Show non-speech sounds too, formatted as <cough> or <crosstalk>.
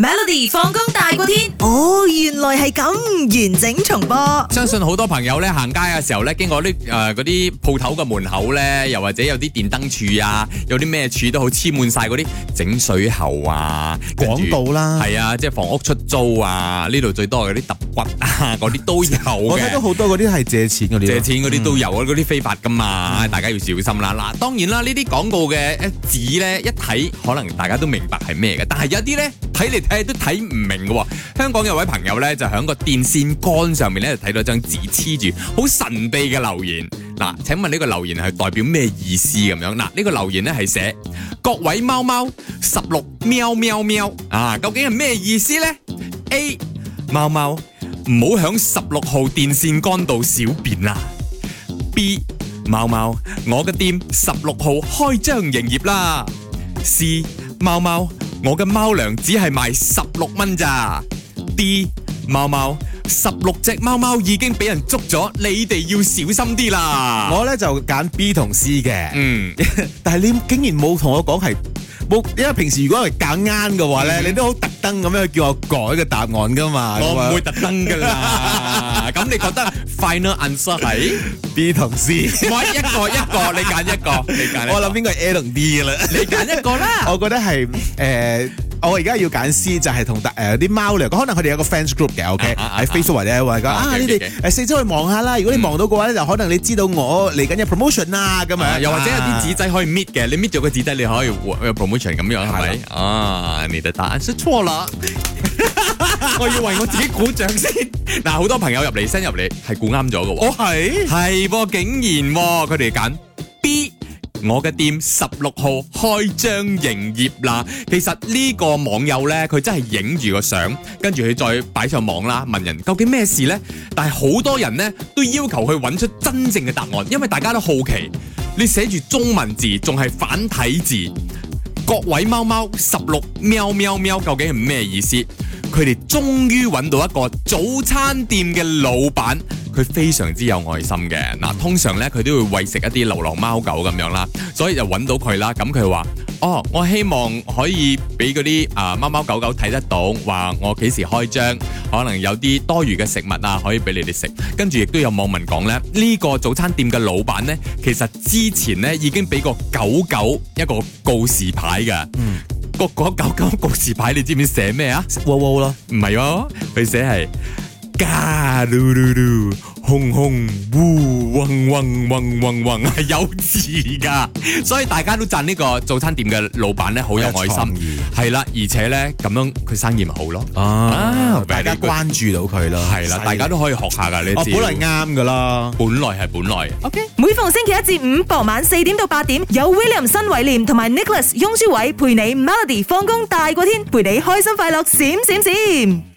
Melody 放工大過天哦，原來係咁完整重播。相信好多朋友咧行街嘅時候咧，經過啲誒嗰啲鋪頭嘅門口咧，又或者有啲電燈柱啊，有啲咩柱都好黐滿晒嗰啲整水喉啊廣告啦，係啊，即係房屋出租啊，呢度最多係嗰啲揼骨啊，嗰 <laughs> 啲都，都有。我睇到好多嗰啲係借錢嗰啲，借錢嗰啲都有啊，嗰啲非法噶嘛，嗯、大家要小心啦。嗱，當然啦，呢啲廣告嘅紙咧一睇，可能大家都明白係咩嘅，但係有啲咧。睇嚟睇都睇唔明嘅，哦，香港有位朋友咧就喺個電線桿上面咧就睇到張紙黐住，好神秘嘅留言。嗱、啊，請問呢個留言係代表咩意思咁樣？嗱、啊、呢、呢個留言咧係寫：各位貓貓，十六喵喵喵啊，究竟係咩意思呢？A, 貓貓」a 貓貓唔好響十六號電線桿度小便啦。B. 貓貓，我嘅店十六號開張營業啦。C. 貓貓。我嘅貓糧只係賣十六蚊咋？啲貓貓，十六隻貓貓已經俾人捉咗，你哋要小心啲啦。我咧就揀 B 同 C 嘅，嗯，但係你竟然冇同我講係，冇因為平時如果係揀啱嘅話咧，嗯嗯你都好特登咁樣叫我改個答案噶嘛。我唔會特登噶啦，咁 <laughs> 你覺得？ <laughs> Final answer 係 B 同 and C，我 <laughs> 一個一個，你揀一個，你選一個，我諗邊個係 A 同 D 啦，你揀一個啦， <laughs> 我覺得係誒。呃我而家要揀 C 就係同大誒啲貓嚟講，可能佢哋有個 fans group 嘅，OK 喺 Facebook 或者話講啊，你哋誒四周去望下啦，如果你望到嘅話咧，就可能你知道我嚟緊有 promotion 啊咁樣，又或者有啲紙仔可以搣嘅，你搣咗個紙仔你可以有 promotion 咁樣，係咪啊？你的答案出錯啦，我以為我自己鼓掌先。嗱，好多朋友入嚟新入嚟係估啱咗嘅喎，我係係噃竟然喎，佢哋揀。我嘅店十六號開張營業啦！其實呢個網友呢，佢真係影住個相，跟住佢再擺上網啦，問人究竟咩事呢？但係好多人呢，都要求去揾出真正嘅答案，因為大家都好奇。你寫住中文字，仲係繁體字，各位貓貓，十六喵喵喵，究竟係咩意思？佢哋終於揾到一個早餐店嘅老闆，佢非常之有愛心嘅。嗱、啊，通常呢，佢都會餵食一啲流浪貓狗咁樣啦，所以就揾到佢啦。咁佢話：哦，我希望可以俾嗰啲啊貓貓狗狗睇得到，話我幾時開張，可能有啲多餘嘅食物啊，可以俾你哋食。跟住亦都有網民講呢，呢、呢個早餐店嘅老闆呢，其實之前呢已經俾過狗狗一個告示牌嘅。嗯。各個狗狗告示牌，你知唔知寫咩啊？汪汪咯，唔係喎，佢寫係嘎嚕嚕嚕。轟轟呼，嗡嗡嗡嗡，係有字噶，所以大家都讚呢、這個早餐店嘅老闆咧好有愛心，係啦、啊，而且咧咁樣佢生意咪好咯，啊，你大家關注到佢咯，係啦、哦啊，大家都可以學下噶，哦，本嚟啱噶啦，本來係本來，ok，每逢星期一至五傍晚四點到八點，有 William 新偉廉同埋 Nicholas 翁舒偉陪你 Melody 放工大過天，陪你開心快樂閃閃閃，閃閃閃。